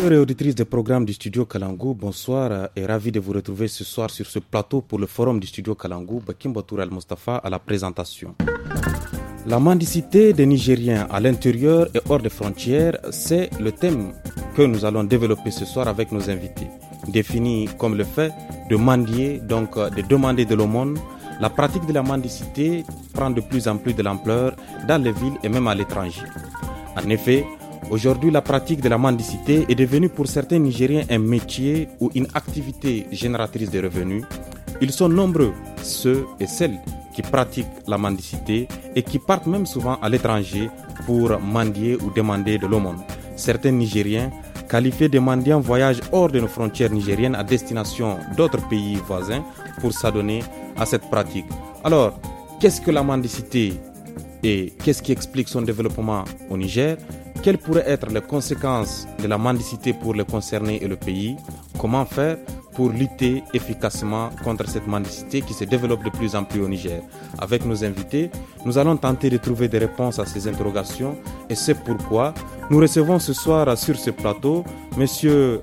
auditeurs et auditrice des programmes du studio Kalangou, bonsoir euh, et ravi de vous retrouver ce soir sur ce plateau pour le forum du studio Kalangou, Bakim Batour Al-Mustafa à la présentation. La mendicité des Nigériens à l'intérieur et hors des frontières, c'est le thème que nous allons développer ce soir avec nos invités. Défini comme le fait de mendier, donc euh, de demander de l'aumône, la pratique de la mendicité prend de plus en plus de l'ampleur dans les villes et même à l'étranger. En effet, Aujourd'hui, la pratique de la mendicité est devenue pour certains Nigériens un métier ou une activité génératrice de revenus. Ils sont nombreux, ceux et celles qui pratiquent la mendicité et qui partent même souvent à l'étranger pour mendier ou demander de l'aumône. Certains Nigériens qualifiés de mendiants voyagent hors de nos frontières nigériennes à destination d'autres pays voisins pour s'adonner à cette pratique. Alors, qu'est-ce que la mendicité et qu'est-ce qui explique son développement au Niger Quelles pourraient être les conséquences de la mendicité pour les concernés et le pays Comment faire pour lutter efficacement contre cette mendicité qui se développe de plus en plus au Niger. Avec nos invités, nous allons tenter de trouver des réponses à ces interrogations et c'est pourquoi nous recevons ce soir sur ce plateau M.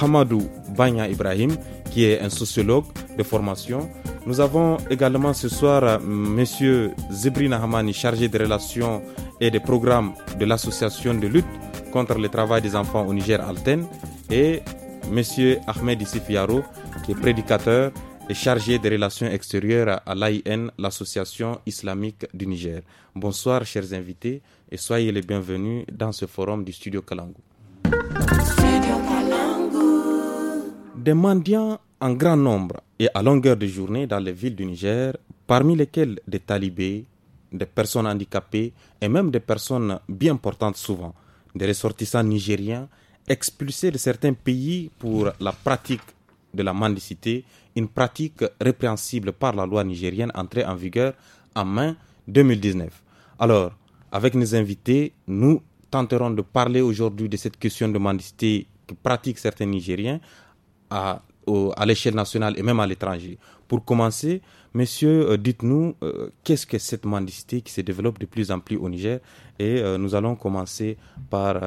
Hamadou Banya Ibrahim, qui est un sociologue de formation, nous avons également ce soir euh, M. Zebri Nahamani, chargé des relations et des programmes de l'association de lutte contre le travail des enfants au Niger Alten, et M. Ahmed Issifiaro, qui est prédicateur et chargé des relations extérieures à l'AIN, l'Association islamique du Niger. Bonsoir, chers invités, et soyez les bienvenus dans ce forum du Studio Kalangu. Des mendiants en grand nombre et à longueur de journée dans les villes du Niger, parmi lesquelles des talibés, des personnes handicapées et même des personnes bien portantes souvent, des ressortissants nigériens expulsés de certains pays pour la pratique de la mendicité, une pratique répréhensible par la loi nigérienne entrée en vigueur en mai 2019. Alors, avec nos invités, nous tenterons de parler aujourd'hui de cette question de mendicité que pratiquent certains Nigériens à à l'échelle nationale et même à l'étranger. Pour commencer, monsieur, euh, dites-nous euh, qu'est-ce que cette mendicité qui se développe de plus en plus au Niger Et euh, nous allons commencer par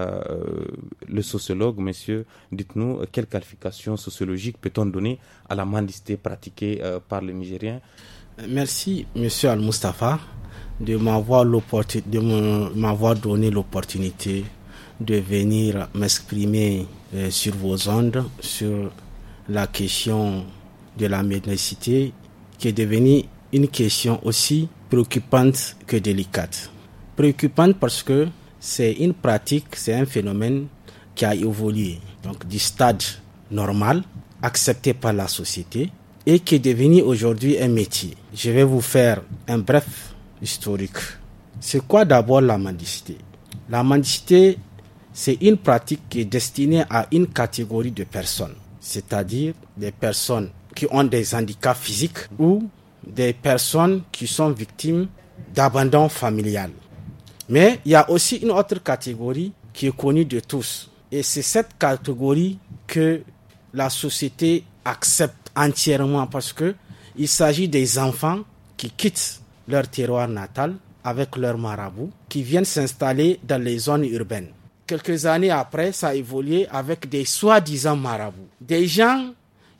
le sociologue, monsieur. Dites-nous quelle qualification sociologique peut-on donner à la mendicité pratiquée par les Nigériens Merci, monsieur Al-Mustafa, de m'avoir donné l'opportunité de venir m'exprimer sur vos ondes, sur la question de la mendicité qui est devenue une question aussi préoccupante que délicate. Préoccupante parce que c'est une pratique, c'est un phénomène qui a évolué, donc du stade normal, accepté par la société, et qui est devenu aujourd'hui un métier. Je vais vous faire un bref historique. C'est quoi d'abord la mendicité La mendicité, c'est une pratique qui est destinée à une catégorie de personnes c'est-à-dire des personnes qui ont des handicaps physiques ou des personnes qui sont victimes d'abandon familial. Mais il y a aussi une autre catégorie qui est connue de tous. Et c'est cette catégorie que la société accepte entièrement parce qu'il s'agit des enfants qui quittent leur terroir natal avec leurs marabouts, qui viennent s'installer dans les zones urbaines quelques années après, ça a évolué avec des soi-disant marabouts. Des gens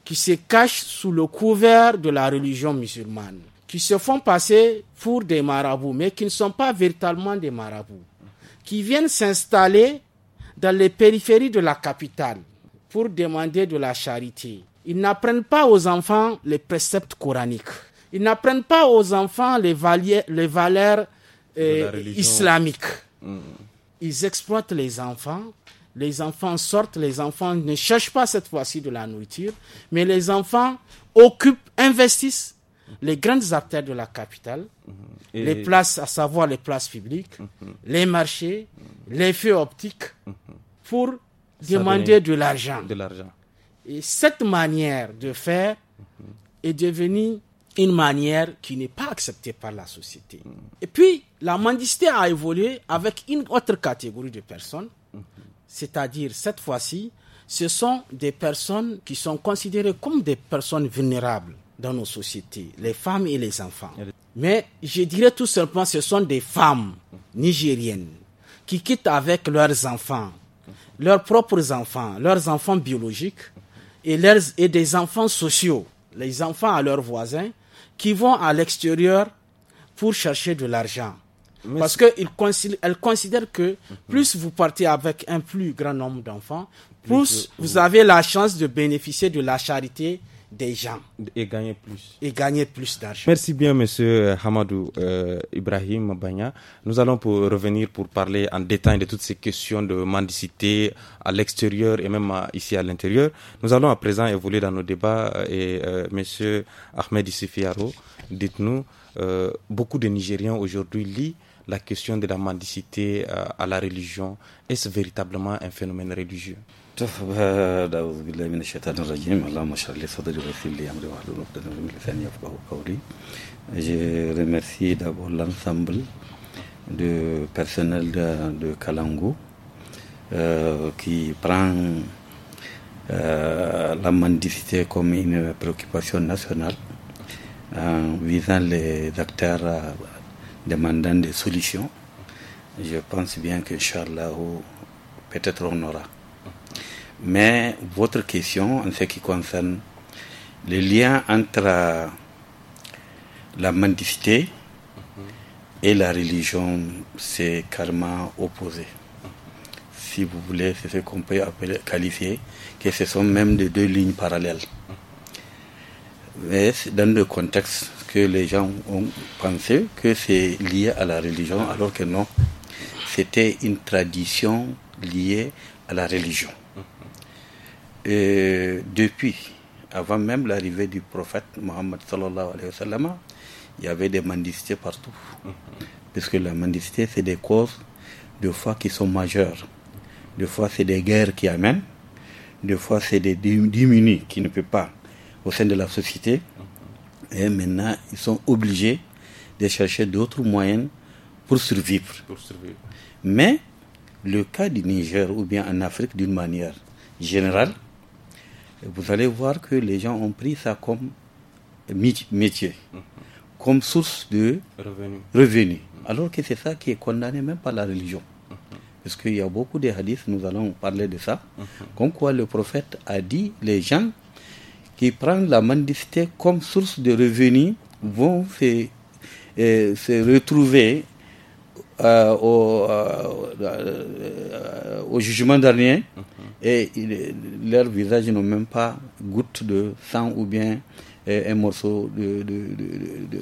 qui se cachent sous le couvert de la religion musulmane, qui se font passer pour des marabouts, mais qui ne sont pas véritablement des marabouts, qui viennent s'installer dans les périphéries de la capitale pour demander de la charité. Ils n'apprennent pas aux enfants les préceptes coraniques. Ils n'apprennent pas aux enfants les, valeurs euh, islamiques. Mm ils exploitent les enfants, les enfants sortent, les enfants ne cherchent pas cette fois-ci de la nourriture, mais les enfants occupent, investissent les grandes artères de la capitale, mhm. les places, à savoir les places publiques, mhm. les marchés, les feux optiques, mhm. pour demander de l'argent. De l'argent. Et cette manière de faire est devenue une manière qui n'est pas acceptée par la société. Et puis, la mendicité a évolué avec une autre catégorie de personnes, c'est-à-dire cette fois-ci, ce sont des personnes qui sont considérées comme des personnes vulnérables dans nos sociétés, les femmes et les enfants. Mais je dirais tout simplement, ce sont des femmes nigériennes qui quittent avec leurs enfants, leurs propres enfants, leurs enfants biologiques et, leurs, et des enfants sociaux, les enfants à leurs voisins, qui vont à l'extérieur pour chercher de l'argent. Parce qu'elles considèrent que plus vous partez avec un plus grand nombre d'enfants, plus vous avez la chance de bénéficier de la charité des gens. Et gagner plus. Et gagner plus d'argent. Merci bien, monsieur euh, Hamadou euh, Ibrahim Banya. Nous allons pour revenir pour parler en détail de toutes ces questions de mendicité à l'extérieur et même ici à l'intérieur. Nous allons à présent évoluer dans nos débats euh, et euh, monsieur Ahmed Issifiaro, dites-nous, beaucoup de Nigériens aujourd'hui lient la question de la mendicité à la religion. Est-ce véritablement un phénomène religieux? Je remercie d'abord l'ensemble du personnel de, de euh, qui prend euh, la mendicité comme une préoccupation nationale en visant les acteurs euh, demandant des solutions. Je pense bien que qu'Inch'Allah, peut-être on aura. Mais votre question en ce qui concerne le lien entre la mendicité et la religion, c'est carrément opposé. Si vous voulez, c'est ce qu'on peut qualifier, que ce sont même deux lignes parallèles. Mais c'est dans le contexte que les gens ont pensé que c'est lié à la religion, alors que non. C'était une tradition liée à la religion. Et depuis, avant même l'arrivée du prophète Mohammed il y avait des mendicités partout. Parce que Puisque la mendicité, c'est des causes de fois qui sont majeures. Des fois, c'est des guerres qui amènent. Des fois, c'est des démunis qui ne peuvent pas au sein de la société. Et maintenant, ils sont obligés de chercher d'autres moyens pour survivre. Mais le cas du Niger ou bien en Afrique d'une manière générale, vous allez voir que les gens ont pris ça comme métier, mhm. comme source de revenus. Mhm. Alors que c'est ça qui est condamné même par la religion. Mhm. Parce qu'il y a beaucoup de hadiths, nous allons parler de ça, comme quoi le prophète a dit les gens qui prennent la mendicité comme source de revenus vont se euh, retrouver euh, au, euh, euh, au, jugement dernier mhm. et il, leur visage n'ont même pas goutte de sang ou bien un morceau de,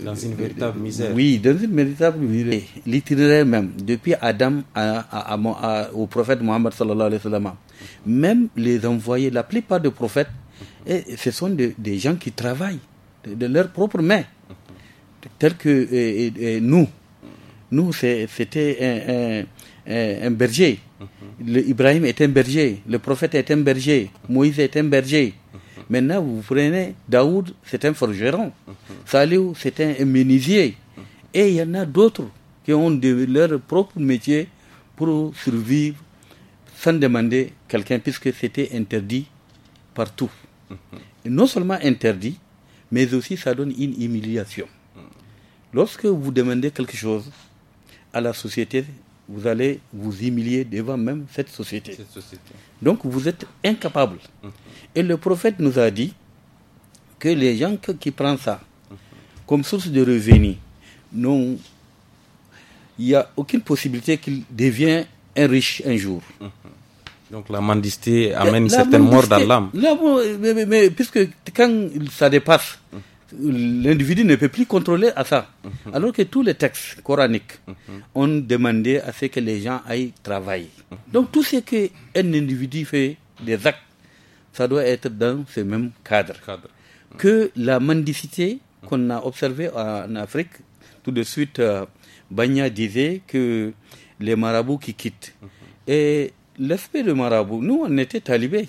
dans une véritable misère. Oui, dans une véritable misère. L'itinéraire même, depuis Adam au prophète Mohammed même les envoyés, la plupart des prophètes, mhm. et ce sont des, gens qui travaillent de, leurs propres mains, mhm. tels que nous. Nous, c'était un, berger. Mhm. Le Ibrahim est un berger, le prophète est un berger, mhm. Moïse est un berger. Mhm. Maintenant, vous prenez Daoud, c'est un forgeron. Salou, c'est un menuisier. Et il y en a d'autres qui ont de leur propre métier pour survivre sans demander quelqu'un, puisque c'était interdit partout. non seulement interdit, mais aussi ça donne une humiliation. Lorsque vous demandez quelque chose, à la société, vous allez vous humilier devant même cette société. Donc vous êtes incapable. Mhm. Et le prophète nous a dit que les gens qui prennent ça mhm. comme source de revenus, non, il n'y a aucune possibilité qu'il devienne un riche un jour. Mhm. Donc la mendicité amène certaines morts dans l'âme. mais, puisque quand ça dépasse, l'individu ne peut plus contrôler à ça. Alors que tous les textes coraniques ont demandé à ce que les gens aillent travailler. Donc tout ce qu'un individu fait, des actes, ça doit être dans ce même cadre. Que la mendicité qu'on a observée en Afrique, tout de suite, euh, Banya disait que les marabouts qui quittent. Et l'aspect de marabout, nous on était talibés.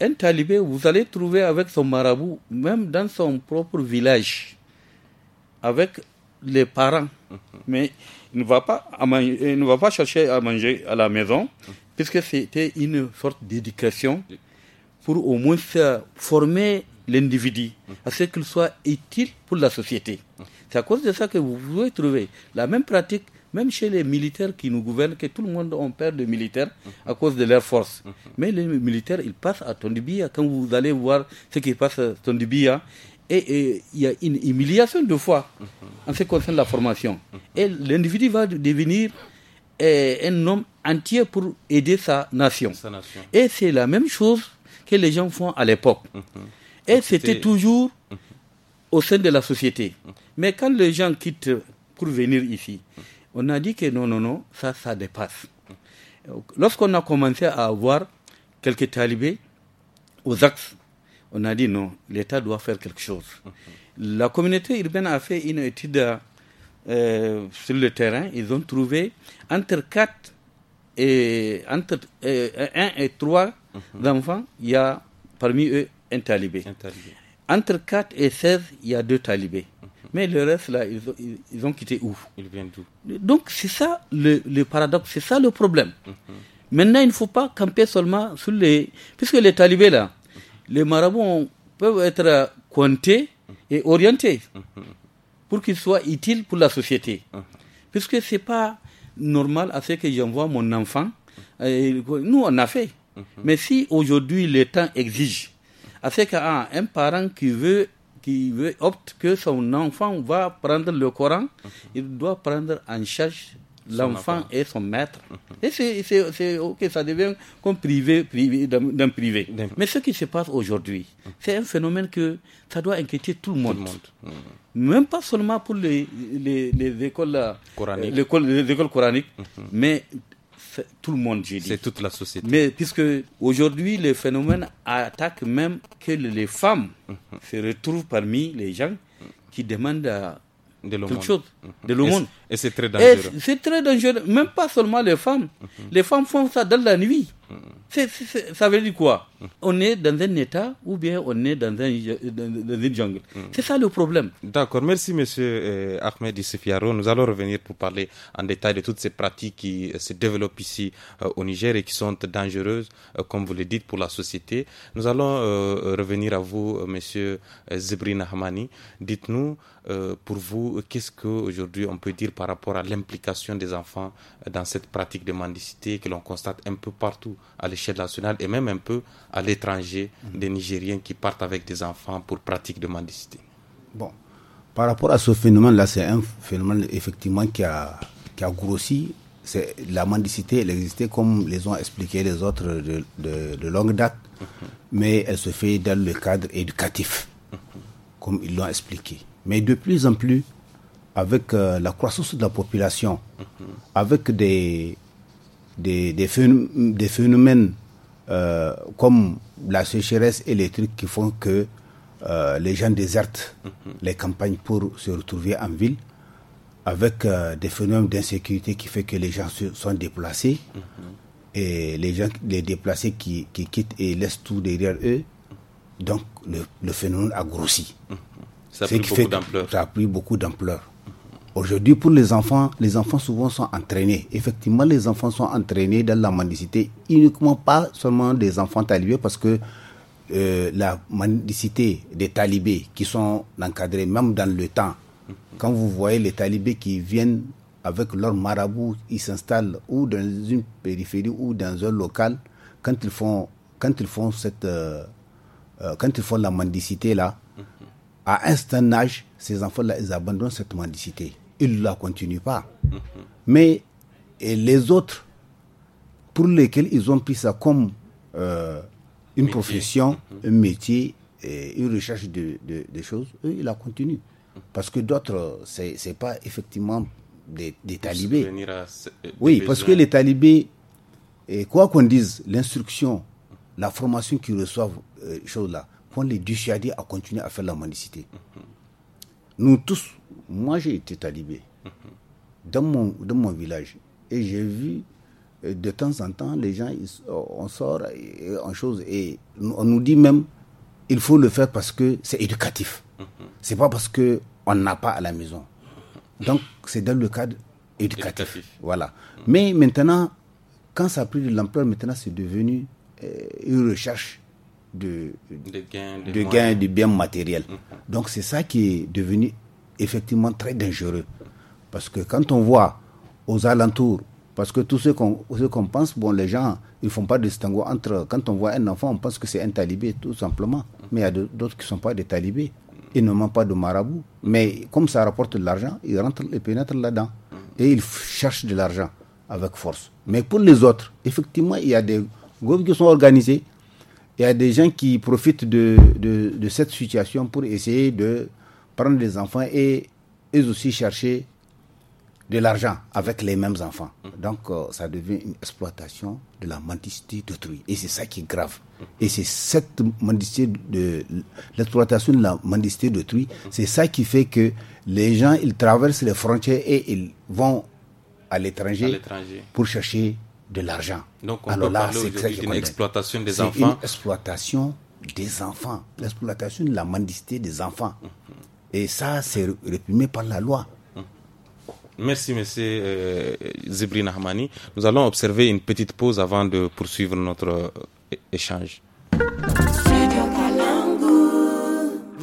Un talibé, vous allez trouver avec son marabout, même dans son propre village, avec les parents. Mhm. Mais il ne, va pas il ne va pas chercher à manger à la maison, mhm. puisque c'était une sorte d'éducation pour au moins former l'individu mhm. à ce qu'il soit utile pour la société. C'est à cause de ça que vous pouvez trouver la même pratique même chez les militaires qui nous gouvernent, que tout le monde a perd de militaires à cause de leur force. Mais les militaires, ils passent à Tondibia. Quand vous allez voir ce qui passe à Tondibia, et il y a une humiliation de foi en ce qui concerne la formation. Et l'individu va devenir eh, un homme entier pour aider Sa nation. Et c'est la même chose que les gens font à l'époque. Mhm. Et c'était toujours mhm. au sein de la société. Mhm. Mais quand les gens quittent pour venir ici, on a dit que non, non, non, ça, ça dépasse. Lorsqu'on a commencé à avoir quelques talibés aux axes, on a dit non, l'État doit faire quelque chose. La communauté urbaine a fait une étude euh, sur le terrain. Ils ont trouvé entre 4 et entre 1 euh, et 3 mhm. enfants, il y a parmi eux un talibé. Entre 4 et 16, il y a deux talibés. Mhm. Mais le reste, là, ils ont, quitté où Ils viennent d'où Donc, c'est ça le, paradoxe, c'est ça le problème. Mm-hmm. Maintenant, il ne faut pas camper seulement sur les. Puisque les talibés, là, mm-hmm. les marabouts peuvent être comptés mm-hmm. et orientés pour qu'ils soient utiles pour la société. Puisque ce n'est pas normal à ce que j'envoie mon enfant. Euh, nous, on a fait. Mais si aujourd'hui le temps exige, à ce qu'un parent qui veut qui opte que son enfant va prendre le Coran, il doit prendre en charge l'enfant et son maître. Et c'est ok, ça devient comme privé, privé d'un privé. Mais ce qui se passe aujourd'hui, c'est un phénomène que ça doit inquiéter tout le monde. Hmm. Même pas seulement pour les, les, les écoles, euh, coraniques, coraniques, mhm. mais mais tout le monde, j'ai dit. C'est toute la société. Mais puisque aujourd'hui, le phénomène attaque même que les femmes mhm. se retrouvent parmi les gens qui demandent à de le monde. Mhm. de l'aumône. Et c'est très dangereux. C'est très dangereux, même pas seulement les femmes. Mhm. Les femmes font ça dans la nuit. Mhm. ça veut dire quoi On est dans un état ou bien on est dans, un, une jungle. Mhm. C'est ça le problème. D'accord, merci monsieur euh, Ahmed Issefiaro. Nous allons revenir pour parler en détail de toutes ces pratiques qui euh, se développent ici euh, au Niger et qui sont dangereuses, comme vous le dites, pour la société. Nous allons revenir à vous, monsieur Zebrin Ahmani. Dites-nous, pour vous, qu'est-ce qu'aujourd'hui on peut dire par rapport à l'implication des enfants dans cette pratique de mendicité que l'on constate un peu partout à l'échelle nationale et même un peu à l'étranger mhm. des Nigériens qui partent avec des enfants pour pratique de mendicité. Bon, par rapport à ce phénomène-là, c'est un phénomène effectivement qui a, qui a grossi. C'est la mendicité, elle existait comme les ont expliqué les autres de, longue date, mhm. mais elle se fait dans le cadre éducatif, mhm. comme ils l'ont expliqué. Mais de plus en plus, avec euh, la croissance de la population, avec des, des, phénomènes, euh, comme la sécheresse électrique qui font que euh, les gens désertent les campagnes pour se retrouver en ville, avec des phénomènes d'insécurité qui fait que les gens se, sont déplacés, et les gens, les déplacés qui, quittent et laissent tout derrière eux, donc le, le phénomène a grossi. Ça a, pris beaucoup d'ampleur. ça a pris beaucoup d'ampleur. Aujourd'hui, pour les enfants, les enfants souvent sont entraînés. Effectivement, les enfants sont entraînés dans la mendicité, uniquement pas seulement des enfants talibés, parce que euh, la mendicité des talibés qui sont encadrés même dans le temps. Quand vous voyez les talibés qui viennent avec leur marabout, ils s'installent ou dans une périphérie ou dans un local, quand ils font, quand ils font cette, euh, euh, quand ils font la mendicité là, à un certain âge, ces enfants-là, ils abandonnent cette mendicité ils ne la continuent pas. Mhm. Mais et les autres, pour lesquels ils ont pris ça comme euh, une profession, mhm. un métier, et une recherche de, choses, eux, ils la continuent. Mhm. Parce que d'autres, ce n'est pas effectivement des, talibés. Euh, oui, parce que les talibés, et quoi qu'on dise, l'instruction, la formation qu'ils reçoivent, euh, là, les dissuader à continuer à faire la mendicité. Nous tous, moi, j'ai été talibé dans, mon, dans mon village. Et j'ai vu euh, de temps en temps, les gens, on sort et, en chose. Et on nous dit même, il faut le faire parce que c'est éducatif. C'est pas parce que on n'a pas à la maison. Donc, c'est dans le cadre éducatif. Voilà. Mais maintenant, quand ça a pris de l'ampleur, maintenant, c'est devenu euh, une recherche de, de gains de, gain, de biens matériels. Mhm. Donc, c'est ça qui est devenu effectivement très dangereux. Parce que quand on voit aux alentours, parce que tous ceux qu'on pense, bon, les gens, ils font pas de distinguo entre. Quand on voit un enfant, on pense que c'est un talibé, tout simplement. Mais il y a d'autres qui ne sont pas des talibés. Ils ne manquent pas de marabout. Mais comme ça rapporte de l'argent, ils rentrent et pénètrent là-dedans. Et ils cherchent de l'argent avec force. Mais pour les autres, effectivement, il y a des groupes qui sont organisés. Il y a des gens qui profitent de, de cette situation pour essayer de prendre des enfants et eux aussi chercher de l'argent avec les mêmes enfants. Mm. Donc euh, ça devient une exploitation de la mendicité d'autrui. Et c'est ça qui est grave. Mm. Et c'est cette mendicité de l'exploitation de la mendicité d'autrui, mm. c'est ça qui fait que les gens, ils traversent les frontières et ils vont à l'étranger pour chercher de l'argent. Donc on Alors là, c'est une exploitation des enfants. Une exploitation des enfants, l'exploitation de la mendicité des enfants. Mm-hmm. Et ça, c'est réprimé par la loi. Hum. Merci, monsieur euh, Hamani. Nous allons observer une petite pause avant de poursuivre notre euh, échange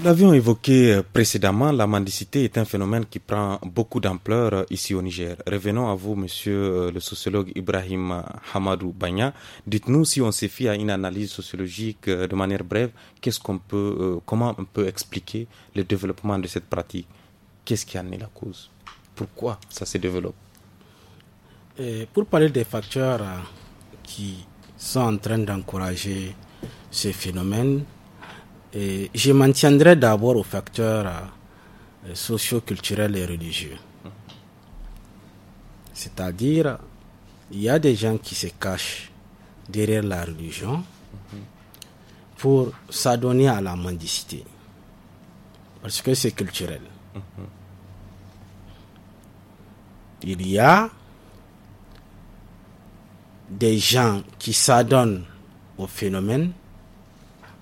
l'avions évoqué euh, précédemment, la mendicité est un phénomène qui prend beaucoup d'ampleur euh, ici au Niger. Revenons à vous, monsieur euh, le sociologue Ibrahim Hamadou Banya. Dites-nous si on se fie à une analyse sociologique de manière brève, qu'est-ce qu'on peut, comment on peut expliquer le développement de cette pratique Qu'est-ce qui en est la cause Pourquoi ça se développe Pour parler des facteurs qui sont en train d'encourager ces phénomènes, je m'en tiendrai d'abord aux facteurs euh, socio-culturels et religieux. C'est-à-dire, il y a des gens qui se cachent derrière la religion pour s'adonner à la mendicité. Parce que c'est culturel. Il y a des gens qui s'adonnent au phénomène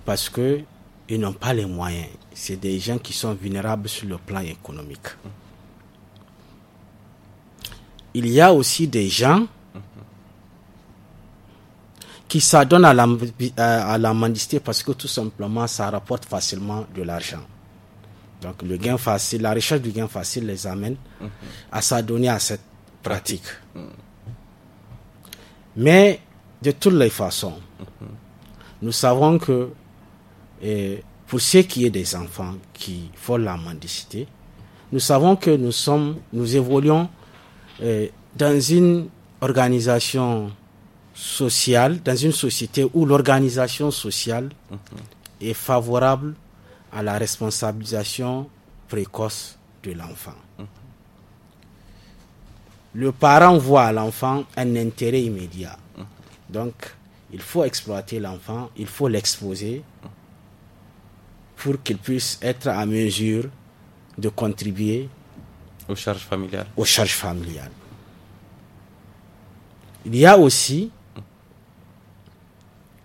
parce que ils n'ont pas les moyens. C'est des gens qui sont vulnérables sur le plan économique. Il y a aussi des gens qui s'adonnent à la, à parce que tout simplement ça rapporte facilement de l'argent. Donc le gain facile, la recherche du gain facile les amène à s'adonner à cette pratique. Mais de toutes les façons, nous savons que et pour ce qui est des enfants qui font la mendicité, nous savons que nous sommes, nous évoluons euh, dans une organisation sociale, dans une société où l'organisation sociale mhm. est favorable à la responsabilisation précoce de l'enfant. Mhm. Le parent voit à l'enfant un intérêt immédiat. Mhm. Donc, il faut exploiter l'enfant, il faut l'exposer, pour qu'ils puissent être à mesure de contribuer aux charges familiales. Aux charges familiales. Il y a aussi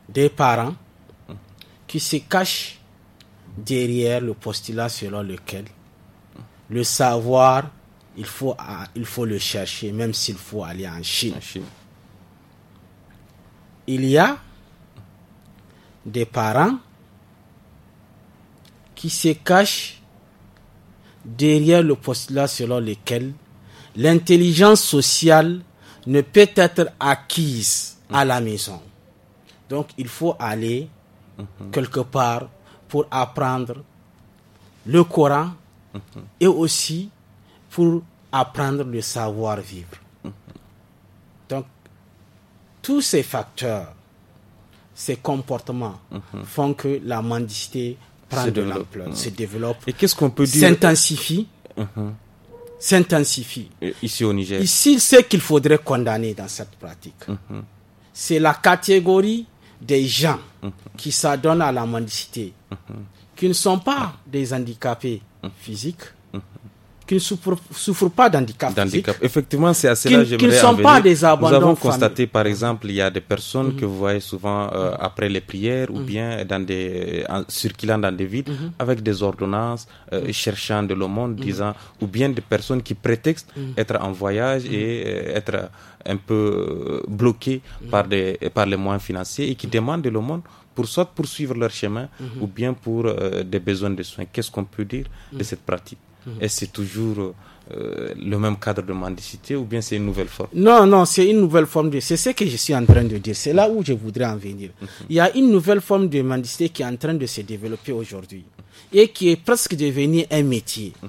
des parents qui se cachent derrière le postulat selon lequel le savoir, il faut, ah, il faut le chercher, même s'il faut aller en Chine. Il y a des parents qui se cache derrière le postulat selon lequel l'intelligence sociale ne peut être acquise à la maison. Donc il faut aller mhm. quelque part pour apprendre le Coran mhm. et aussi pour apprendre le savoir-vivre. Mhm. Donc tous ces facteurs, ces comportements font que la mendicité prend de l'ampleur, mmh. se développe, et qu'est-ce qu'on peut dire s'intensifie, uh-huh. s'intensifie. Ici au Niger. Ici, ce qu'il faudrait condamner dans cette pratique, uh-huh. c'est la catégorie des gens uh-huh. qui s'adonnent à la mendicité, qui ne sont pas des handicapés physiques, qui ne souffrent, pas d'handicap. Effectivement, c'est à cela que ne sont pas des abandons. Nous avons constaté, par exemple, il y a des personnes mhm. que vous voyez souvent euh, mhm. après les prières ou mhm. bien dans des, en, circulant dans des villes avec des ordonnances, euh, cherchant de l'aumône, disant, ou bien des personnes qui prétextent être en voyage et euh, être un peu bloquées par, des, par les moyens financiers et qui demandent de l'aumône pour soit poursuivre leur chemin ou bien pour des besoins de soins. Qu'est-ce qu'on peut dire de cette pratique Mhm. Est-ce c'est toujours euh, le même cadre de mendicité ou bien c'est une nouvelle forme Non, non, c'est une nouvelle forme de... C'est ce que je suis en train de dire. C'est là où je voudrais en venir. Mhm. Il y a une nouvelle forme de mendicité qui est en train de se développer aujourd'hui et qui est presque devenue un métier. Mhm.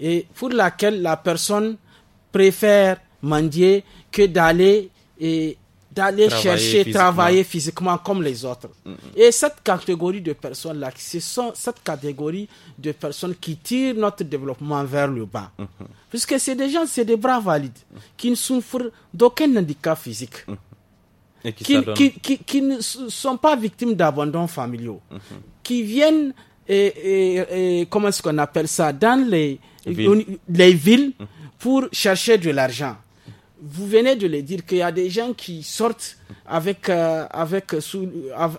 Et pour laquelle la personne préfère mendier que d'aller et d'aller chercher, travailler physiquement comme les autres. Et cette catégorie de personnes-là, ce sont cette catégorie de personnes qui tirent notre développement vers le bas. Mm-hmm. Puisque c'est des gens, c'est des bras valides, mm-hmm. qui ne souffrent d'aucun handicap physique. Mm-hmm. Et qui, qui, qui, ne sont pas victimes d'abandon familial. qui viennent, et, comment est-ce qu'on appelle ça, dans les, les villes pour chercher de l'argent vous venez de le dire qu'il y a des gens qui sortent avec, euh, avec,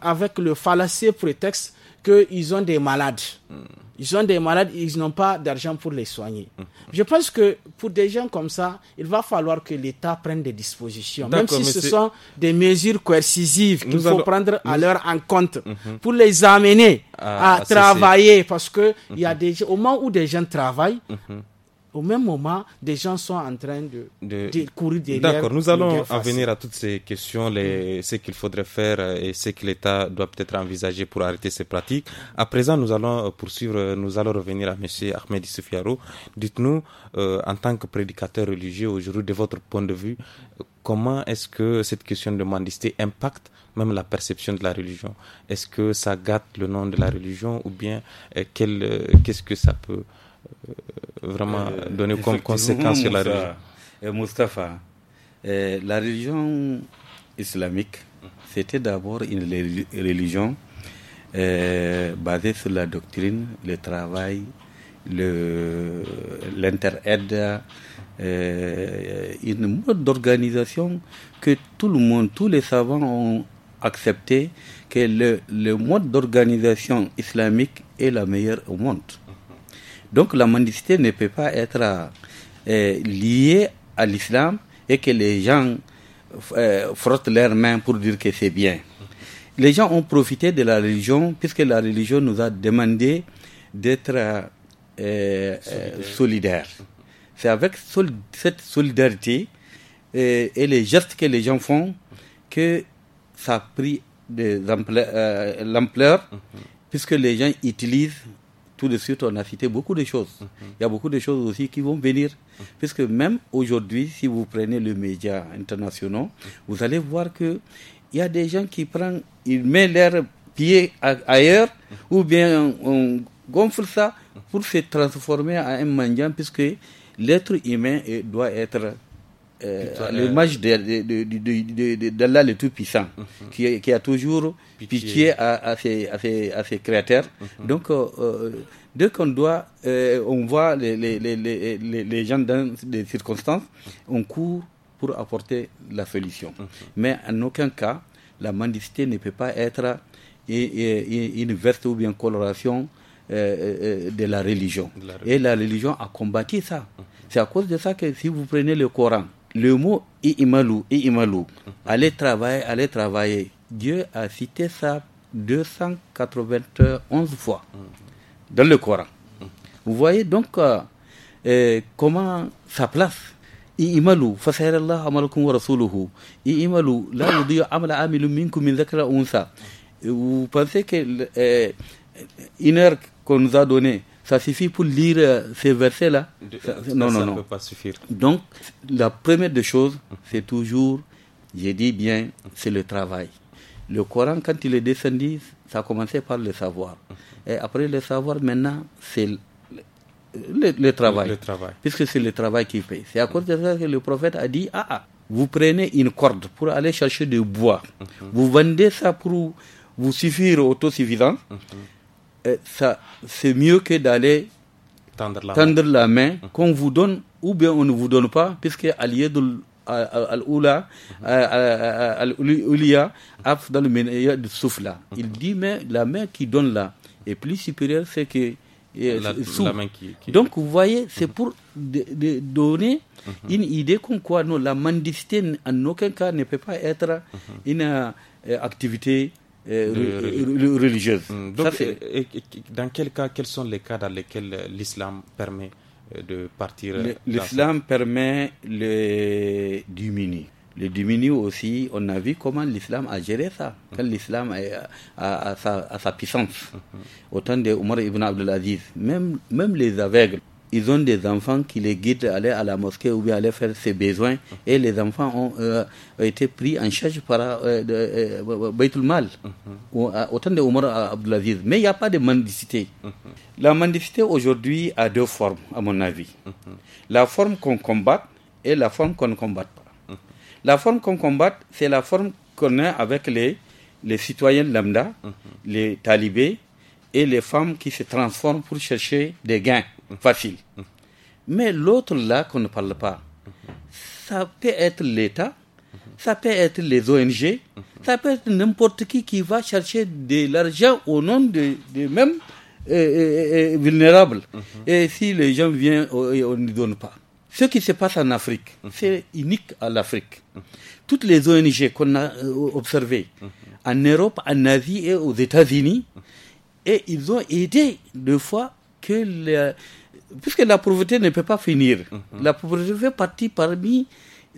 avec le fallacieux prétexte qu'ils ont des malades. Hmm. Ils ont des malades, ils n'ont pas d'argent pour les soigner. Hmm. Je pense que pour des gens comme ça, il va falloir que l'État prenne des dispositions, même si ce sont des mesures coercitives qu'il faut prendre à leur encontre hmm. pour les amener ah, à, travailler, parce que il y a des au moment où des gens travaillent, au même moment, des gens sont en train de, de, courir D'accord, nous allons en venir à toutes ces questions, les, ce qu'il faudrait faire et ce que l'État doit peut-être envisager pour arrêter ces pratiques. À présent, nous allons euh, poursuivre, nous allons revenir à M. Ahmed Soufiaro. Dites-nous, euh, en tant que prédicateur religieux aujourd'hui, de votre point de vue, comment est-ce que cette question de mendicité impacte même la perception de la religion Est-ce que ça gâte le nom de la religion ou bien euh, qu'est-ce que ça peut vraiment euh, donné comme conséquence sur la religion. Eh, eh, la religion islamique, c'était d'abord une religion eh, basée sur la doctrine, le travail, linter euh, une mode d'organisation que tout le monde, tous les savants ont accepté que le, le mode d'organisation islamique est la meilleure au monde. Donc la mendicité ne peut pas être euh, liée à l'islam et que les gens euh, frottent leurs mains pour dire que c'est bien. Les gens ont profité de la religion puisque la religion nous a demandé d'être euh, solidaires. C'est avec cette solidarité et les gestes que les gens font que ça a pris l'ampleur, mhm. puisque les gens utilisent tout de suite, on a cité beaucoup de choses. Mhm. Il y a beaucoup de choses aussi qui vont venir. Mhm. Puisque même aujourd'hui, si vous prenez le média international, mhm. vous allez voir que il y a des gens qui prennent, ils mettent leurs pieds ailleurs, ou bien on gonfle ça pour se transformer en un mendiant, puisque l'être humain doit être l'image euh, d'Allah le euh, Tout-Puissant, mhm. qui, qui, a toujours pitié, à, à, ses, à, ses, à, créateurs. Mhm. Donc, euh, dès qu'on doit, on voit les, les, les, les, gens dans des circonstances, mhm. on court pour apporter la solution. Mais en aucun cas, la mendicité ne peut pas être une veste ou bien coloration de la religion. Et la religion a combattu ça. C'est à cause de ça que si vous prenez le Coran, le mot i'imalou »,« i'imalou »,« allez travailler, allez travailler. Dieu a cité ça 291 fois dans le Coran. Vous voyez donc euh, euh, comment ça place. i'imalou »,« fasayarallah Amalukum wa rasuluhu. là, la yudiyu amala amilu minkum min zakra unsa. Vous pensez que euh, une heure qu'on nous a donnée, ça suffit pour lire euh, ces versets-là. Non, euh, non, ça ne Peut pas suffire. Donc, la première des choses, hum. c'est toujours, j'ai dit bien, c'est le travail. Le Coran, quand il est descendu, ça a par le savoir. Hum. Et après le savoir, maintenant, c'est le, travail. Le, travail. Puisque c'est le travail qui paye. C'est à cause de ça que le prophète a dit, ah, ah vous prenez une corde pour aller chercher du bois. Hum, vous vendez ça pour vous suffire autosuffisant. Euh, ça, c'est mieux que d'aller tendre la main, mhm. qu'on vous donne ou bien on ne vous donne pas, puisque Aliedul Al-Oula, mhm. Al-Ulia, de Soufla. Mhm. Il dit, mais la main qui donne là est plus supérieure, c'est que. Euh, la, main qui, Donc, vous voyez, c'est pour de, donner une idée comme quoi non, la mendicité en aucun cas ne peut pas être une euh, activité euh, religieuse. dans quel cas, quels sont les cas dans lesquels euh, l'islam permet euh, de partir euh, L'islam permet le diminuer. Le diminuer aussi, on a vu comment l'islam a géré ça, quand mm-hmm. l'islam a, sa, puissance. Mm-hmm. Autant temps de Omar ibn Abdelaziz, même, même les aveugles, ils ont des enfants qui les guident à aller à la mosquée ou bien aller faire ses besoins. Et les enfants ont, euh, été pris en charge par euh, euh Baitul Mal, mhm. autant de Omar Abdelaziz. Mais il n'y a pas de mendicité. Mhm. La mendicité aujourd'hui a deux formes, à mon avis. Mhm. La forme qu'on combatte et la forme qu'on ne combatte pas. La forme qu'on combatte, c'est la forme qu'on a avec les, les citoyens lambda, les talibés et les femmes qui se transforment pour chercher des gains facile. Mais l'autre là qu'on ne parle pas, ça peut être l'État, ça peut être les ONG, ça peut être n'importe qui qui va chercher de l'argent au nom des de mêmes euh, euh, euh, vulnérables. Mhm. Et si les gens viennent, on ne donne pas. Ce qui se passe en Afrique, mhm. c'est unique à l'Afrique. Toutes les ONG qu'on a observées mhm. en Europe, en Asie et aux États-Unis, et ils ont aidé deux fois que les, puisque la pauvreté ne peut pas finir, mhm. la pauvreté fait partie parmi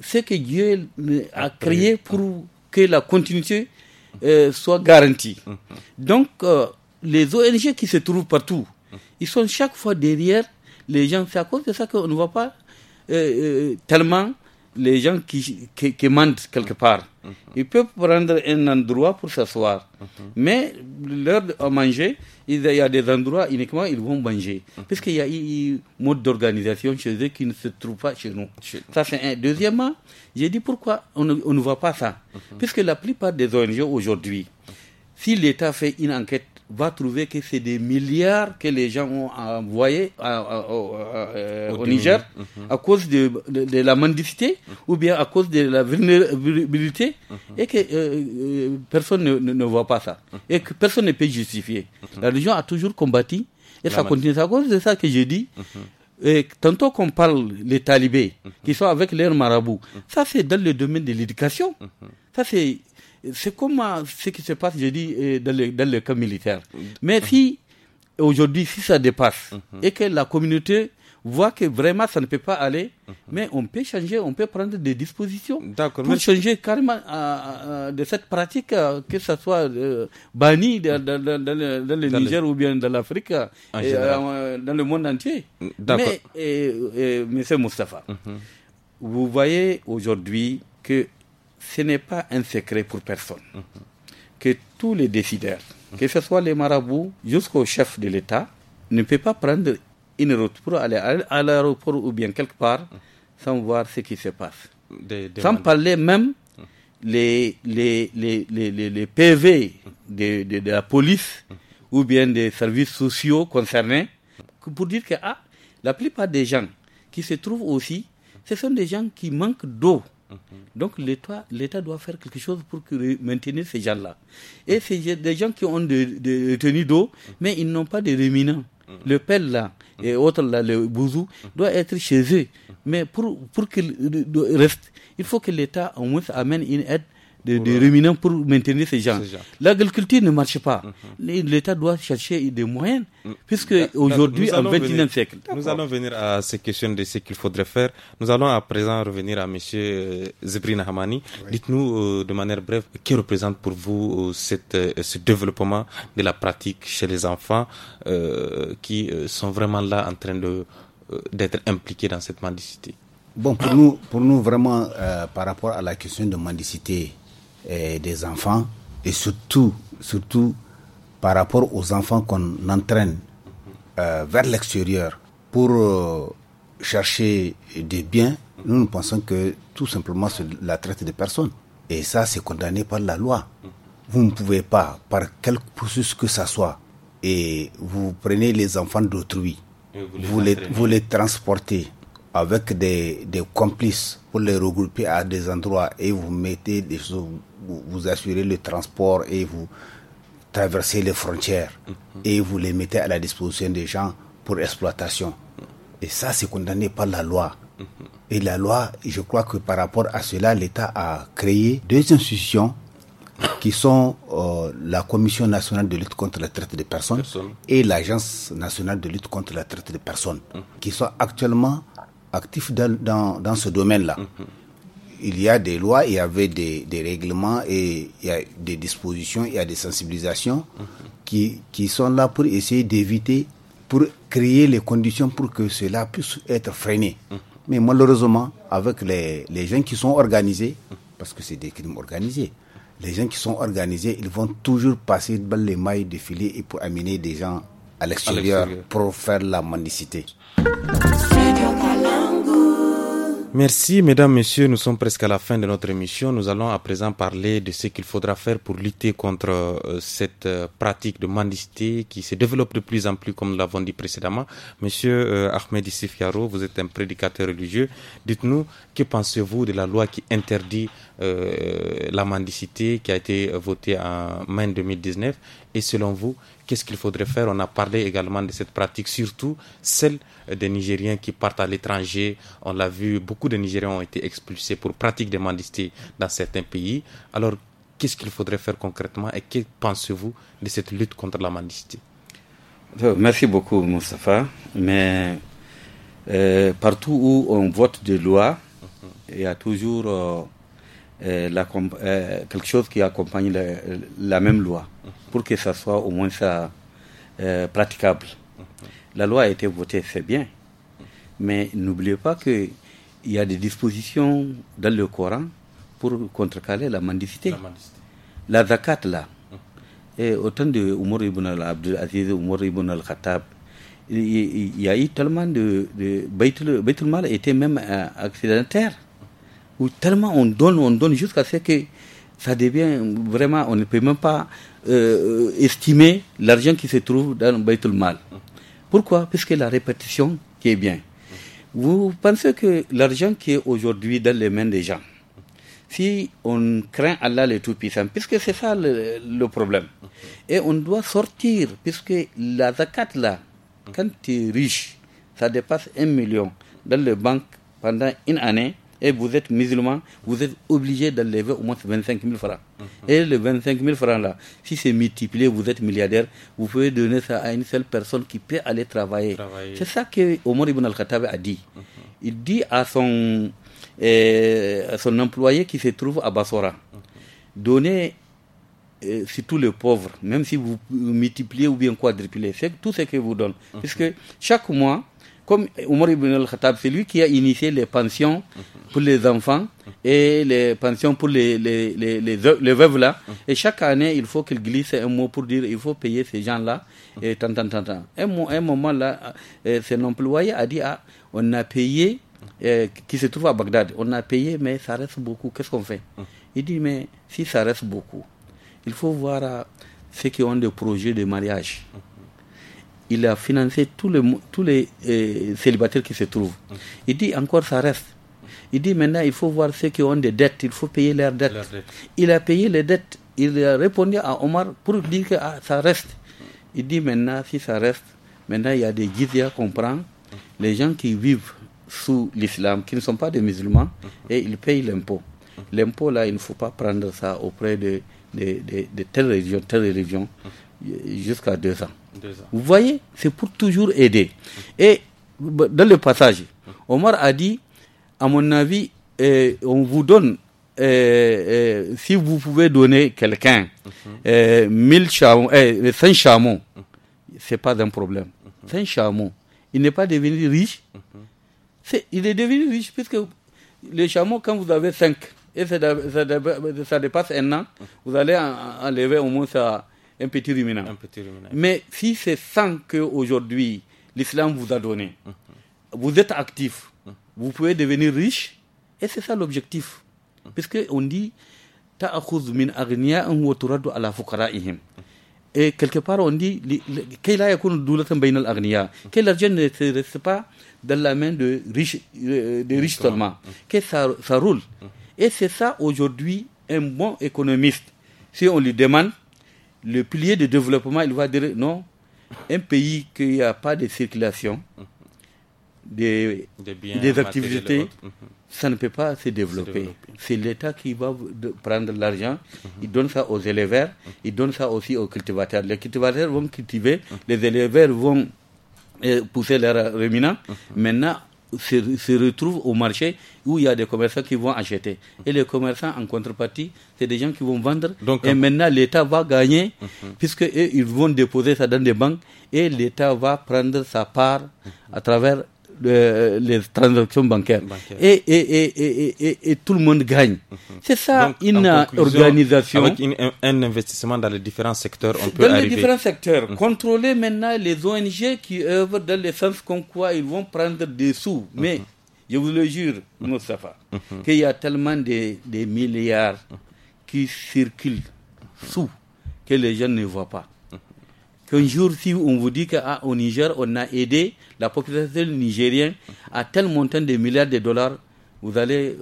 ce que Dieu euh, a créé pour ah. que la continuité euh, soit garantie. Mhm. Donc, euh, les ONG qui se trouvent partout, mhm. ils sont chaque fois derrière les gens. C'est à cause de ça qu'on ne voit pas tellement les gens qui, qui, mentent quelque part. Ils peuvent prendre un endroit pour s'asseoir, mais l'heure de manger, il y a des endroits uniquement ils vont manger. Parce qu'il y a un mode d'organisation chez eux qui ne se trouve pas chez nous. Ça, c'est un. Deuxièmement, j'ai dit pourquoi on ne, on ne voit pas ça. puisque la plupart des ONG aujourd'hui, si l'État fait une enquête va trouver que c'est des milliards que les gens ont envoyés au, Niger mhm. à cause de, de, la mendicité mhm. ou bien à cause de la vulnérabilité mhm. et que euh, euh, personne ne, ne, voit pas ça et que personne ne peut justifier. La religion a toujours combattu et ça continue. C'est à cause de ça que je dis. Et tantôt qu'on parle les talibés qui sont avec leurs marabouts, ça c'est dans le domaine de l'éducation. Ça c'est c'est comme euh, ce qui se passe, je dis, euh, dans le, dans le camp militaire. Mais si aujourd'hui, si ça dépasse mhm. et que la communauté voit que vraiment ça ne peut pas aller, mhm. mais on peut changer, on peut prendre des dispositions pour changer carrément euh, de cette pratique, que ça soit banni dans, le, Niger ou bien dans l'Afrique, dans le monde entier. Mais, et, et, Moustapha, mhm. vous voyez aujourd'hui que ce n'est pas un secret pour personne que tous les décideurs, que ce soit les marabouts jusqu'au chef de l'État, ne peuvent pas prendre une route pour aller à l'aéroport ou bien quelque part sans voir ce qui se passe. sans parler même les, les, les, les, les PV de, de, la police ou bien des services sociaux concernés pour dire que ah, la plupart des gens qui se trouvent aussi, ce sont des gens qui manquent d'eau. Mhm. Donc l'État doit faire quelque chose pour maintenir ces gens-là. Et c'est des gens qui ont des, tenues d'eau, mais ils n'ont pas de ruminants. Mhm. Le pelle là et mhm. autres le bouzou, doit être chez eux. Mais pour, pour qu'ils euh, restent, il faut que l'État au moins amène une aide des ruminants pour maintenir ces gens. L'agriculture ne marche pas. Mhm. L'État doit chercher des moyens, mm. puisque aujourd'hui, 29e siècle. Nous allons venir à ces questions de ce qu'il faudrait faire. Nous allons à présent revenir à M. Zebrin Hamani. Dites-nous euh, de manière brève, qui représente pour vous euh, cette, euh, ce développement de la pratique chez les enfants qui sont vraiment là en train d'être impliqués dans cette mendicité Bon, pour nous, pour nous vraiment, par rapport à la question de mendicité, et des enfants et surtout, surtout par rapport aux enfants qu'on entraîne euh, vers l'extérieur pour euh, chercher des biens, nous, nous pensons que tout simplement c'est la traite des personnes. Et ça, c'est condamné par la loi. Vous ne pouvez pas, par quelque processus que ce soit, et vous prenez les enfants d'autrui, vous, les, vous les transportez avec des, complices pour les regrouper à des endroits et vous mettez des vous, assurez le transport et vous traversez les frontières mhm. et vous les mettez à la disposition des gens pour exploitation. Mhm. Et ça, c'est condamné par la loi. Mhm. Et la loi, je crois que par rapport à cela, l'État a créé deux institutions qui sont euh, la Commission nationale de lutte contre la traite des personnes et l'Agence nationale de lutte contre la traite des personnes, qui sont actuellement actif dans, dans, ce domaine-là. Mm-hmm. Il y a des lois, il y avait des, règlements et il y a des dispositions, il y a des sensibilisations mm-hmm. qui, qui sont là pour essayer d'éviter, pour créer les conditions pour que cela puisse être freiné. Mm-hmm. Mais malheureusement, avec les, les gens qui sont organisés, parce que c'est des crimes organisés, les gens qui sont organisés, ils vont toujours passer dans les mailles de filet et pour amener des gens à l'extérieur pour faire la mendicité. Merci, mesdames, messieurs. Nous sommes presque à la fin de notre émission. Nous allons à présent parler de ce qu'il faudra faire pour lutter contre euh, cette euh, pratique de mendicité qui se développe de plus en plus, comme nous l'avons dit précédemment. Monsieur euh, Ahmed Isif Yaro, vous êtes un prédicateur religieux. Dites-nous, que pensez-vous de la loi qui interdit la mendicité qui a été votée en mai 2019 Et selon vous, qu'est-ce qu'il faudrait faire On a parlé également de cette pratique, surtout celle des Nigériens qui partent à l'étranger. On l'a vu, beaucoup de Nigériens ont été expulsés pour pratique de mendicité dans certains pays. Alors, qu'est-ce qu'il faudrait faire concrètement et que pensez-vous de cette lutte contre la mendicité euh, Merci beaucoup, Moustapha. Mais euh, partout où on vote des lois, mhm. il y a toujours euh, euh, euh, quelque chose qui accompagne la, même loi, pour que ça soit au moins ça, euh, praticable. La loi a été votée, c'est bien, mais n'oubliez pas qu'il y a des dispositions dans le Coran pour contrecarrer la mendicité. La, zakat, là, et autant de Umar ibn al aziz Umar ibn al-Khattab, il y a eu tellement de. de Mal était même accidentaire tellement on donne, on donne jusqu'à ce que ça devient vraiment, on ne peut même pas euh, euh, estimer l'argent qui se trouve dans le Mal. Pourquoi Parce que la répétition qui est bien. Vous pensez que l'argent qui est aujourd'hui dans les mains des gens, si on craint Allah le Tout-Puissant, puisque c'est ça le, le, problème, et on doit sortir, puisque la zakat là, quand tu es riche, ça dépasse un million dans les banques pendant une année, et vous êtes musulman, vous êtes obligé d'enlever au moins 25 000 francs. Mhm. Et les 25 000 francs-là, si c'est multiplié, vous êtes milliardaire, vous pouvez donner ça à une seule personne qui peut aller travailler. C'est ça que Omar ibn al-Khattab a dit. Mhm. Il dit à son, euh, son employé qui se trouve à Bassora, mhm. donnez euh, surtout les pauvres, même si vous multipliez ou bien quadruplez, c'est tout ce que vous donne. Puisque chaque mois, comme Omar Ibn al-Khattab, c'est lui qui a initié les pensions pour les enfants et les pensions pour les, les, les, veuves là. Et chaque année, il faut qu'il glisse un mot pour dire il faut payer ces gens-là. Et tant, tant, tant, tant. Un, moment là, euh, son employé a dit ah, on a payé, euh, qui se trouve à Bagdad, on a payé, mais ça reste beaucoup. Qu'est-ce qu'on fait Il dit mais si ça reste beaucoup, il faut voir euh, ceux qui ont des projets de mariage il a financé tous les, tous les euh, célibataires qui se trouvent. Il dit encore, ça reste. Il dit maintenant, il faut voir ceux qui ont des dettes, il faut payer leurs dettes. Il a payé les dettes. Il a répondu à Omar pour dire que ah, ça reste. Il dit maintenant, si ça reste, maintenant il y a des guizias qu'on Les gens qui vivent sous l'islam, qui ne sont pas des musulmans, et ils payent l'impôt. L'impôt, là, il ne faut pas prendre ça auprès de, telle région, telle religion, jusqu'à deux ans. Vous voyez, c'est pour toujours aider. Et bah, dans le passage, Omar a dit, à mon avis, eh, on vous donne, eh, eh, si vous pouvez donner quelqu'un 1000 chameaux, 5 ce c'est pas un problème. 5 chameaux, il n'est pas devenu riche. il est devenu riche puisque les chameaux, quand vous avez 5, et ça, ça, dépasse un an, vous allez enlever au moins ça un petit ruminant. Mais si c'est que aujourd'hui l'islam vous a donné, vous êtes actif, vous pouvez devenir riche, et c'est ça l'objectif. parce Puisque on dit, et quelque part, on dit, que l'argent ne se reste pas dans la main de euh, riches, seulement, que ça roule. Et c'est ça aujourd'hui un bon économiste. Si on lui demande, le pilier de développement, il va dire non, un pays qui n'a pas de circulation, des, activités, mhm. ça ne peut pas se développer. C'est l'État qui va prendre l'argent, il donne ça aux éleveurs, mhm. il donne ça aussi aux cultivateurs. Les cultivateurs vont cultiver, les éleveurs vont euh, pousser leurs ruminants. Mhm. Maintenant, se, retrouvent au marché où il y a des commerçants qui vont acheter. Et les commerçants, en contrepartie, c'est des gens qui vont vendre. et maintenant, l'État va gagner, puisqu'ils mhm. puisque ils vont déposer ça dans des banques, et l'État va prendre sa part à travers les transactions bancaires. Et, et, et, et, tout le monde gagne. Mhm. C'est ça une organisation. Avec un, investissement dans les différents secteurs, on peut Dans les différents secteurs. Mhm. Contrôler maintenant les ONG qui œuvrent dans le sens qu'on croit ils vont prendre des sous. Mhm. Mais je vous le jure, Mostafa qu'il y a tellement de, de milliards qui circulent sous que les gens ne voient pas qu'un jour, si on vous dit qu'au Niger, on a aidé la population nigérienne à tel montant de milliards de dollars, vous allez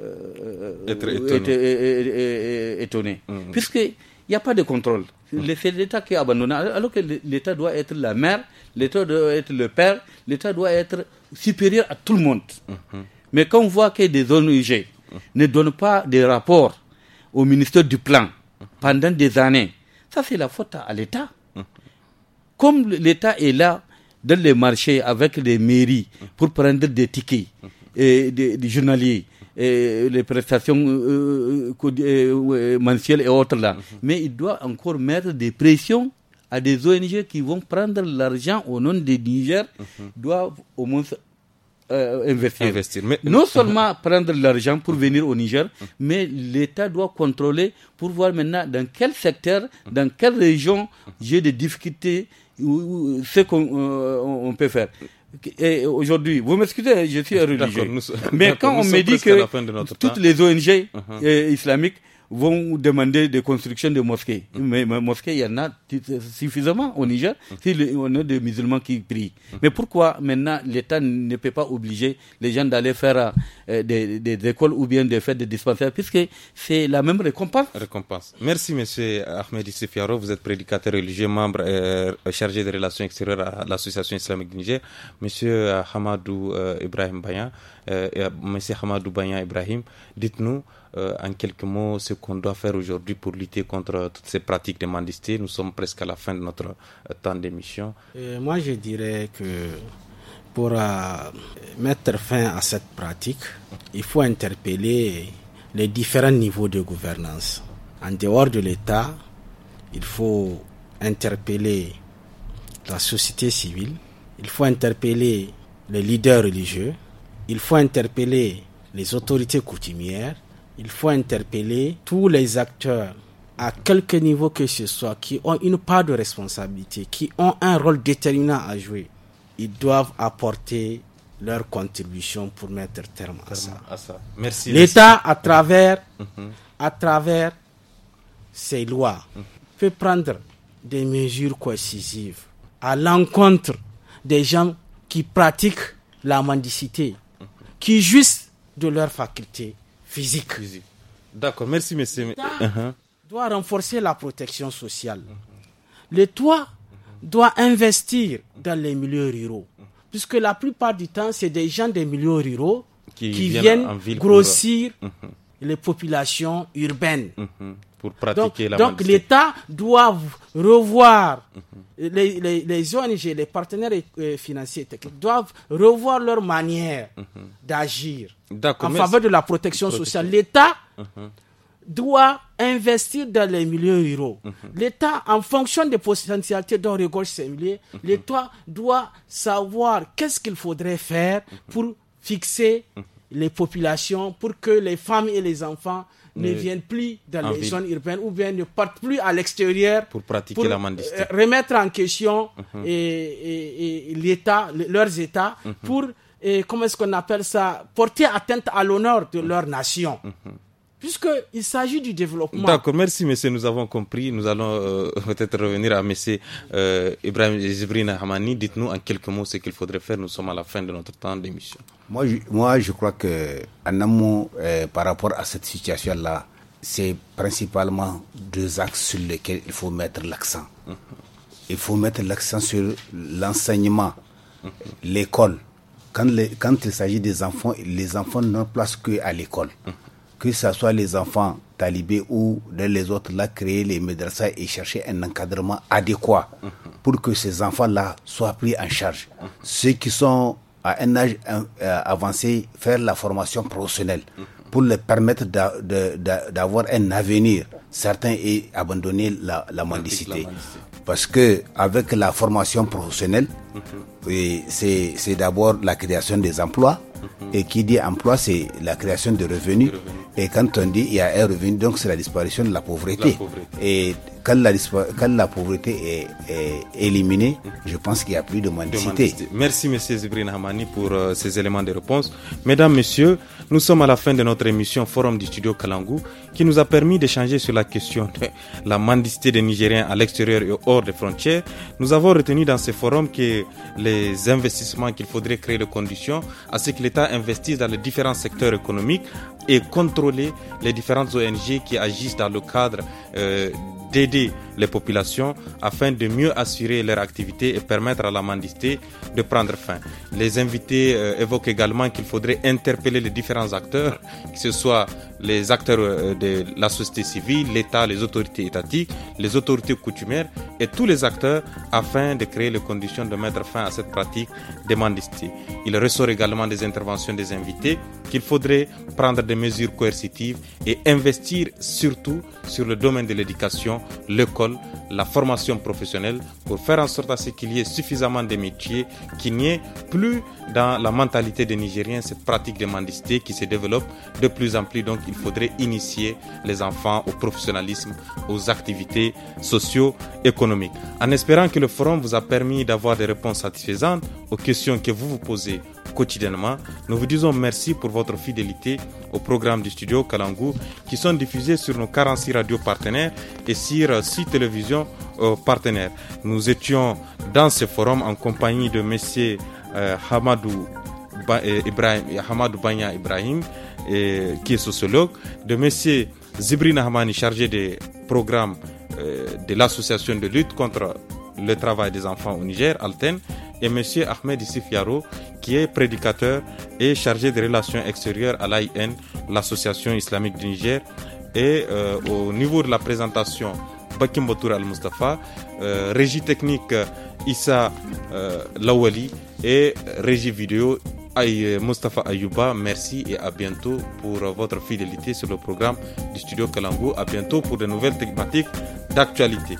euh, euh, être étonné. Euh, mm, mm. Puisqu'il n'y a pas de contrôle. Mm. C'est l'État qui est abandonné. Alors que l'État doit être la mère, l'État doit être le père, l'État doit être supérieur à tout le monde. Mm-hmm. Mais quand on voit que des ONG ne donnent pas de rapports au ministère du Plan mm-hmm. pendant des années, ça c'est la faute à l'État. Comme l'État est là dans les marchés avec les mairies pour prendre des tickets et des, journaliers, et les prestations euh, euh, euh, mensuelles et autres là, mhm. mais il doit encore mettre des pressions à des ONG qui vont prendre l'argent au nom des Niger, mhm. doivent au moins euh, investir. investir. Mais... Non seulement prendre l'argent pour venir au Niger, mais l'État doit contrôler pour voir maintenant dans quel secteur, dans quelle région j'ai des difficultés, ou, ce qu'on euh, peut faire. Et aujourd'hui, vous m'excusez, hein, je suis religieux. mais quand on me dit que toutes les ONG uh-huh. islamiques vont demander des constructions de mosquées. Mm. Mais, mais, mosquées, il y en a suffisamment au Niger, mm. si on a des musulmans qui prient. Mm. Mais pourquoi maintenant l'État ne peut pas obliger les gens d'aller faire euh, des, écoles ou bien de faire des dispensaires, puisque c'est la même récompense Récompense. Merci, monsieur Ahmed Issefiaro. Vous êtes prédicateur religieux, membre euh, chargé des relations extérieures à l'Association islamique du Niger. Monsieur euh, Hamadou Ibrahim Bayan. Monsieur euh, M. Hamadou Ibrahim, dites-nous euh, en quelques mots ce qu'on doit faire aujourd'hui pour lutter contre euh, toutes ces pratiques de mendicité. Nous sommes presque à la fin de notre temps d'émission. moi, je dirais que pour mettre fin à cette pratique, il faut interpeller les différents niveaux de gouvernance. En dehors de l'État, il faut interpeller la société civile, il faut interpeller les leaders religieux, il faut interpeller les autorités coutumières, il faut interpeller tous les acteurs à quelque niveau que ce soit qui ont une part de responsabilité, qui ont un rôle déterminant à jouer. Ils doivent apporter leur contribution pour mettre terme à ça. Merci. L'État, à travers, mm-hmm. Mm-hmm. à travers ces lois, fait peut prendre des mesures coercitives à l'encontre des gens qui pratiquent la mendicité, qui jouissent de leurs facultés Physique. D'accord, merci monsieur. Uh-huh. doit renforcer la protection sociale. Le toit doit investir dans les milieux ruraux, puisque la plupart du temps, c'est des gens des milieux ruraux qui, viennent, grossir uh-huh. les populations urbaines. Uh-huh pour pratiquer donc, Donc l'État doit revoir les, les, les, ONG, les partenaires financiers euh, financiers techniques doivent revoir leur manière d'agir en faveur de la protection, sociale. L'État mhm. doit investir dans les milieux ruraux. Mhm. L'État, en fonction des potentialités dont similaires, ces milieux, mhm. l'État doit savoir qu'est-ce qu'il faudrait faire pour fixer les populations, pour que les femmes et les enfants ne, viennent plus dans les zones urbaines ou bien ne partent plus à l'extérieur pour pratiquer la euh, mendicité. remettre en question mhm. et, l'État, leurs États mhm. pour, comment est-ce qu'on appelle ça, porter atteinte à l'honneur de mhm. leur nation. puisque puisqu'il s'agit du développement. D'accord, merci monsieur, nous avons compris. Nous allons euh, peut-être revenir à monsieur euh, Ibrahim Jibrin Hamani. Dites-nous en quelques mots ce qu'il faudrait faire. Nous sommes à la fin de notre temps d'émission. Moi je, moi, je crois que en amont, euh, par rapport à cette situation-là, c'est principalement deux axes sur lesquels il faut mettre l'accent. Il faut mettre l'accent sur l'enseignement, l'école. Quand, les, quand il s'agit des enfants, les enfants n'ont place qu'à l'école. Que ce soit les enfants talibés ou les autres, là, créer les médrassas et chercher un encadrement adéquat pour que ces enfants-là soient pris en charge. Ceux qui sont à un âge euh, euh, avancé, faire la formation professionnelle pour leur permettre d'avoir un avenir. Certains et abandonner la, mendicité. Parce que avec la formation professionnelle, mhm. c'est d'abord la création des emplois. Mhm. Et qui dit emploi, c'est la création de revenus. Et quand on dit il y a un revenu, donc c'est la disparition de la pauvreté. Et quand la, pauvreté est, éliminée, je pense qu'il n'y a plus de mendicité. Merci, M. Zibrin Hamani, pour euh, ces éléments de réponse. Mesdames, Messieurs, nous sommes à la fin de notre émission Forum du studio Kalangou, qui nous a permis d'échanger sur la question de la mendicité des Nigériens à l'extérieur et hors des frontières. Nous avons retenu dans ce forum que les investissements qu'il faudrait créer de conditions à ce que l'État investisse dans les différents secteurs économiques et contrôler les différentes ONG qui agissent dans le cadre euh, d'aider les populations afin de mieux assurer leur activité et permettre à la mendicité de prendre fin. Les invités euh, évoquent également qu'il faudrait interpeller les différents acteurs, que ce soit les acteurs euh, de la société civile, l'État, les autorités étatiques, les autorités coutumières et tous les acteurs afin de créer les conditions de mettre fin à cette pratique des Il ressort également des interventions des invités qu'il faudrait prendre des mesures coercitives et investir surtout sur le domaine de l'éducation, l'école, la formation professionnelle pour faire en sorte à ce qu'il y ait suffisamment de métiers, qu'il n'y ait plus dans la mentalité des Nigériens cette pratique de mendicité qui se développe de plus en plus. Donc il faudrait initier les enfants au professionnalisme, aux activités socio-économiques. En espérant que le forum vous a permis d'avoir des réponses satisfaisantes aux questions que vous vous posez quotidiennement. Nous vous disons merci pour votre fidélité au programme du studio Kalangu qui sont diffusés sur nos 46 radios partenaires et sur 6 télévisions euh, partenaires. Nous étions dans ce forum en compagnie de messieurs euh, Hamadou euh, Ibrahim, euh, Banya Ibrahim, qui est sociologue, de M. Zibrina Hamani, chargé des programmes de l'association de lutte contre le travail des enfants au Niger, Alten, et M. Ahmed Issif Yaro, qui est prédicateur et chargé des relations extérieures à l'AIN, l'Association islamique du Niger. Et au niveau de la présentation Bakim Boutour Al-Mustafa, euh, régie technique euh, Issa euh, Lawali et régie vidéo Ay Mustafa Ayuba. Merci et à bientôt pour votre fidélité sur le programme du studio Kalango. À bientôt pour de nouvelles thématiques d'actualité.